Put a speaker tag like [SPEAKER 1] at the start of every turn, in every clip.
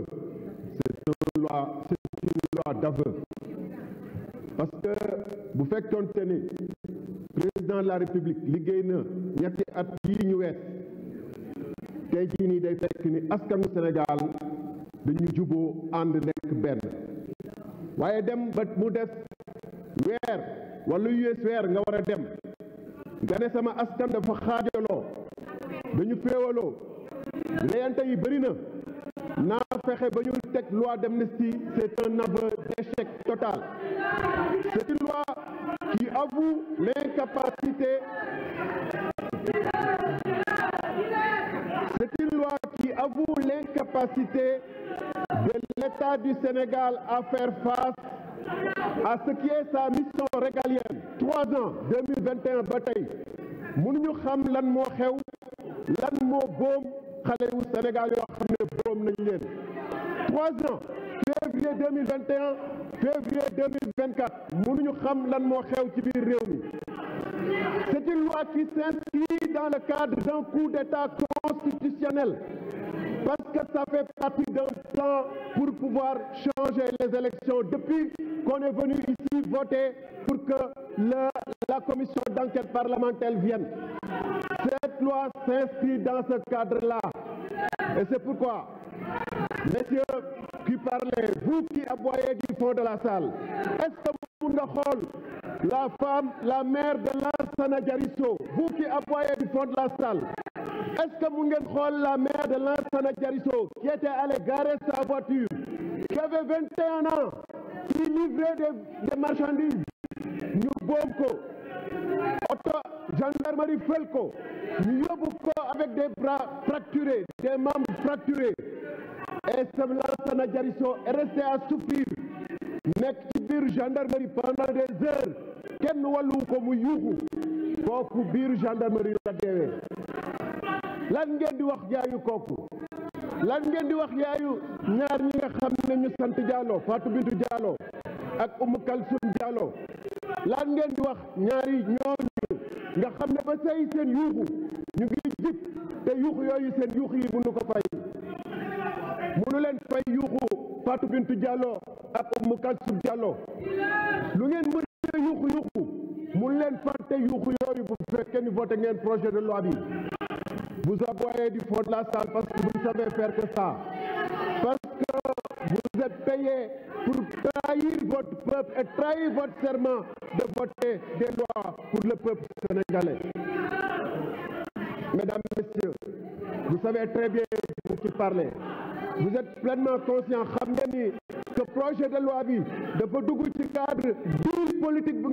[SPEAKER 1] d'aveu. C'est une loi, loi parce que bu fekkoonte ni président la république liggéey na ñetti at yii ñu wees tey jii nii day fekk ni askanu Sénégal dañu juboo ànd nekk benn waaye dem ba mu des weer wala lu yees weer nga war a dem nga ne sama askan dafa xaajaloo dañu féewaloo reyante yi bëri na c'est un d'échec total une loi qui avoue l'incapacité c'est une loi qui avoue l'incapacité de l'État du Sénégal à faire face à ce qui est sa mission régalienne trois ans 2021 bataille. 3 Sénégal yoo xam nañ trois ans février 2021, février 2024, mënuñu xam lan moo xew ci biir c'est une loi qui s'inscrit dans le cadre d'un coup d'état constitutionnel que ça fait partie d'un plan pour pouvoir changer les élections. Depuis qu'on est venu ici voter pour que la commission d'enquête parlementaire vienne, cette loi s'inscrit dans ce cadre-là. Et c'est pourquoi, messieurs qui parlez, vous qui aboyez du fond de la salle, est-ce que vous la femme, la mère de Lars sanagariso, vous qui aboyez du fond de la salle, est-ce que vous Khol, la mère de l'Ansana Diarisso, qui était allée garer sa voiture, qui avait 21 ans, qui livrait des, marchandises, nous bombo, auto gendarmerie Felko, nous avec des bras fracturés, des membres fracturés. Et que Diarisso est resté à souffrir, mais qui vire gendarmerie pendant des heures, qu'elle nous a loué comme Yougou, pour gendarmerie la lan ngeen di wax jaayu kooku lan ngeen di wax jaayu ñaar ñi nga xam ñu sant Diallo Fatou Bintou Diallo ak Oumou Kalsoum Diallo lan ngeen di wax ñaari ñooñu nga xam ne ba say seen yuuxu ñu ngi jib te yuuxu yooyu seen yuuxu yi mënu ko fay mënu fay Fatou Bintou ak lu ngeen mënu bu ni ngeen projet de loi bi vous aboyez du fond de la salle parce que vous ne savez faire que ça. Parce que vous êtes payé pour trahir votre peuple et trahir votre serment de voter des lois pour le peuple sénégalais. Mesdames, et Messieurs, vous savez très bien de qui parler. Vous êtes pleinement conscient, que le projet de loi de de cadre d'une politique pour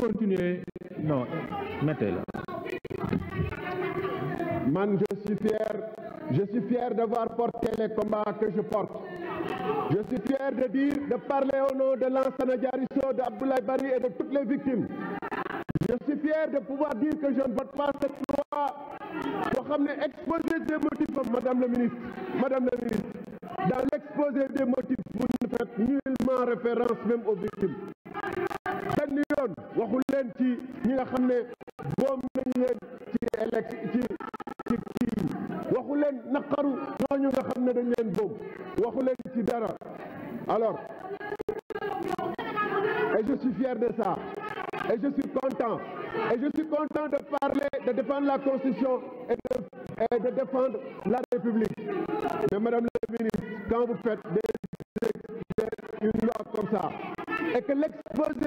[SPEAKER 1] continuer non mettez la man je suis fier je suis fier d'avoir porté les combats que je porte je suis fier de dire de parler au nom de l'ancien Diarisso de Bari et de toutes les victimes je suis fier de pouvoir dire que je ne vote pas cette loi pour amener ne exposé des motifs madame la ministre madame la ministre dans l'exposé des motifs vous ne faites nullement référence même aux victimes alors et je suis fier de ça et je suis content et je suis content de parler de défendre la constitution et de, défendre la république mais madame la ministre quand vous faites des, des, comme ça et que l'exposé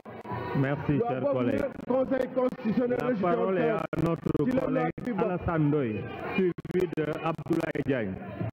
[SPEAKER 1] Merci, cher collègue. Conseil constitutionnel La parole est à notre collègue Alassane Doy, suivi de Abdoulaye Diagne.